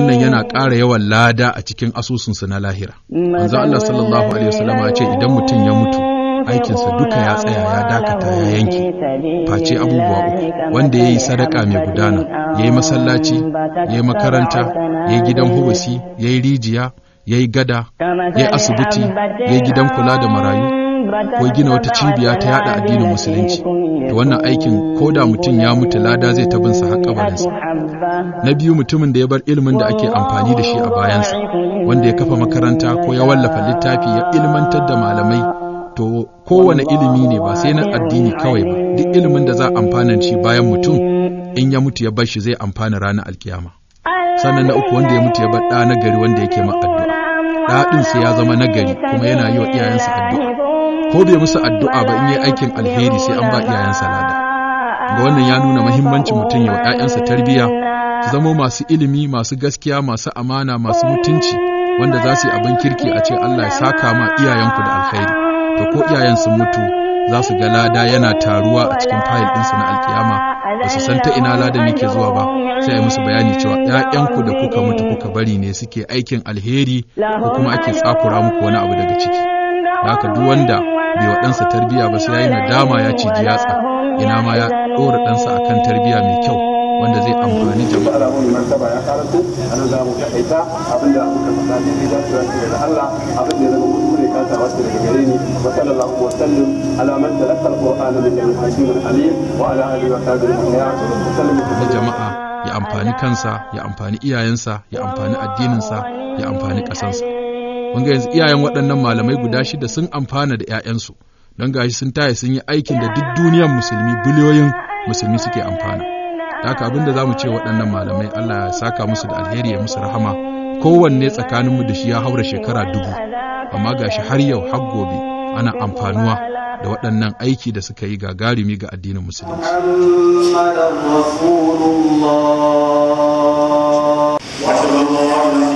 wannan yana ƙara yawan lada a cikin asusunsa na lahira manzo Allah sallallahu alaihi wasallama ya ce idan mutum ya mutu aikinsa duka ya tsaya ya dakata ya yanki face abubuwa uku wanda ya yi sadaka mai gudana ya yi masallaci ya yi makaranta ya yi gidan hubasi ya yi rijiya ya yi gada ya yi asibiti ya yi gidan kula da marayu ko gina wata cibiya ta yada addinin musulunci da wannan aikin ko da mutum ya mutu lada zai ta binsa har kabarinsa na biyu mutumin da ya bar ilimin da ake amfani da shi a bayansa wanda ya kafa makaranta ko ya wallafa littafi ya ilmantar da malamai to kowane ilimi ne ba sai na addini kawai ba duk ilimin da za a amfana shi bayan mutum in ya mutu ya bar shi zai amfana ranar alkiyama sannan na uku wanda ya mutu ya bar ɗa na gari wanda yake ma addu'a ɗa ɗin sai ya zama nagari kuma yana yi wa iyayensa addu'a ko bai musu addu'a ba in yi aikin alheri sai an ba iyayensa lada ga wannan ya nuna mahimmancin mutum ya wa 'ya'yansa tarbiyya su zamo masu ilimi masu gaskiya masu amana masu mutunci wanda za su yi abin kirki a ce Allah ya saka ma iyayenku da alheri, to ko iyayen su mutu za su ga lada yana taruwa a cikin fayil ɗinsu na alkiyama ba su san ta ina lada ladan ke zuwa ba sai a musu bayani cewa ‘ya'yanku da kuka mutu kuka bari ne suke aikin alheri ko kuma ake tsakura muku wani abu daga ciki. Haka duk wanda bai wa ɗansa tarbiya ba sai ya yi nadama ya ciji yatsa ina ma ya ɗora ɗansa akan tarbiya mai kyau wanda zai amfani jama'a alamun martaba ya karatu anan za mu kaita abin da muka faɗa ne ne za su rasu da Allah abin da ya zama kuskure ka ta wasu daga gare ni wa sallallahu wa sallim da man talaka alquran min al-hakim al-alim wa ala alihi wa sahbihi al-mu'minin wa jama'a ya amfani kansa ya amfani iyayensa ya amfani addininsa ya amfani ƙasarsa mun yanzu iyayen waɗannan malamai guda shida sun amfana da 'ya'yansu don gashi sun taya sun yi aikin da duk duniyar musulmi biliyoyin musulmi suke amfana haka abin da za mu ce waɗannan malamai Allah ya saka musu da alheri ya musu rahama kowanne tsakaninmu da shi ya haura shekara dubu amma gashi har yau har gobe ana amfanuwa da waɗannan aiki da suka yi gagarumi ga addinin musulunci. Rasulullah.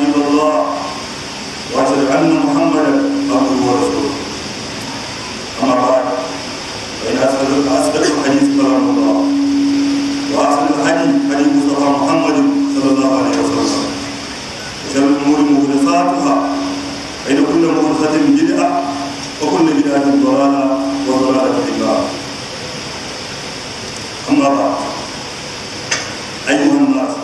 وكل محدثة بدعة وكل بدعة ضلالة وضلالة في النار أما بعد أيها الناس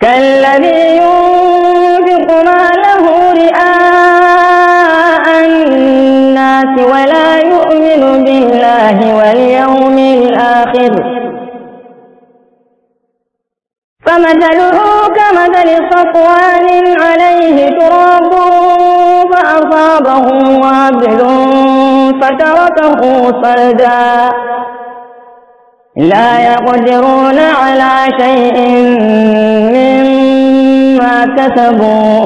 كالذي ينفق ماله رئاء الناس ولا يؤمن بالله واليوم الآخر فمثله كمثل صفوان عليه تراب فأصابه وابل فتركه صلدا لا يقدرون على شيء مما كسبوا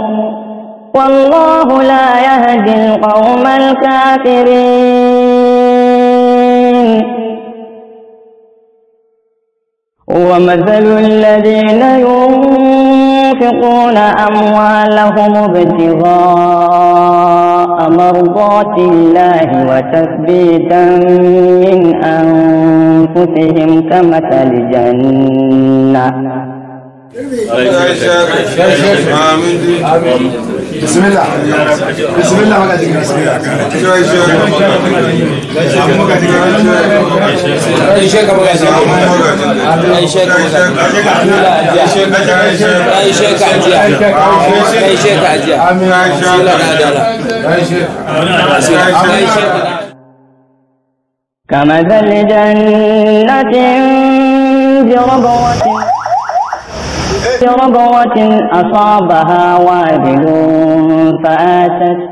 والله لا يهدي القوم الكافرين ومثل الذين ينفقون ينفقون أموالهم ابتغاء مرضات الله وتثبيتا من أنفسهم كمثل جنة بسم الله بسم الله ما قاعدين بسم الله اي شيء كما قاعدين اي شيء كما قاعدين اي شيء اي شيء قاعدين اي شيء قاعدين امين اي شيء اي شيء اي شيء كمثل جنة بربوة ربوة أصابها وابل فآتت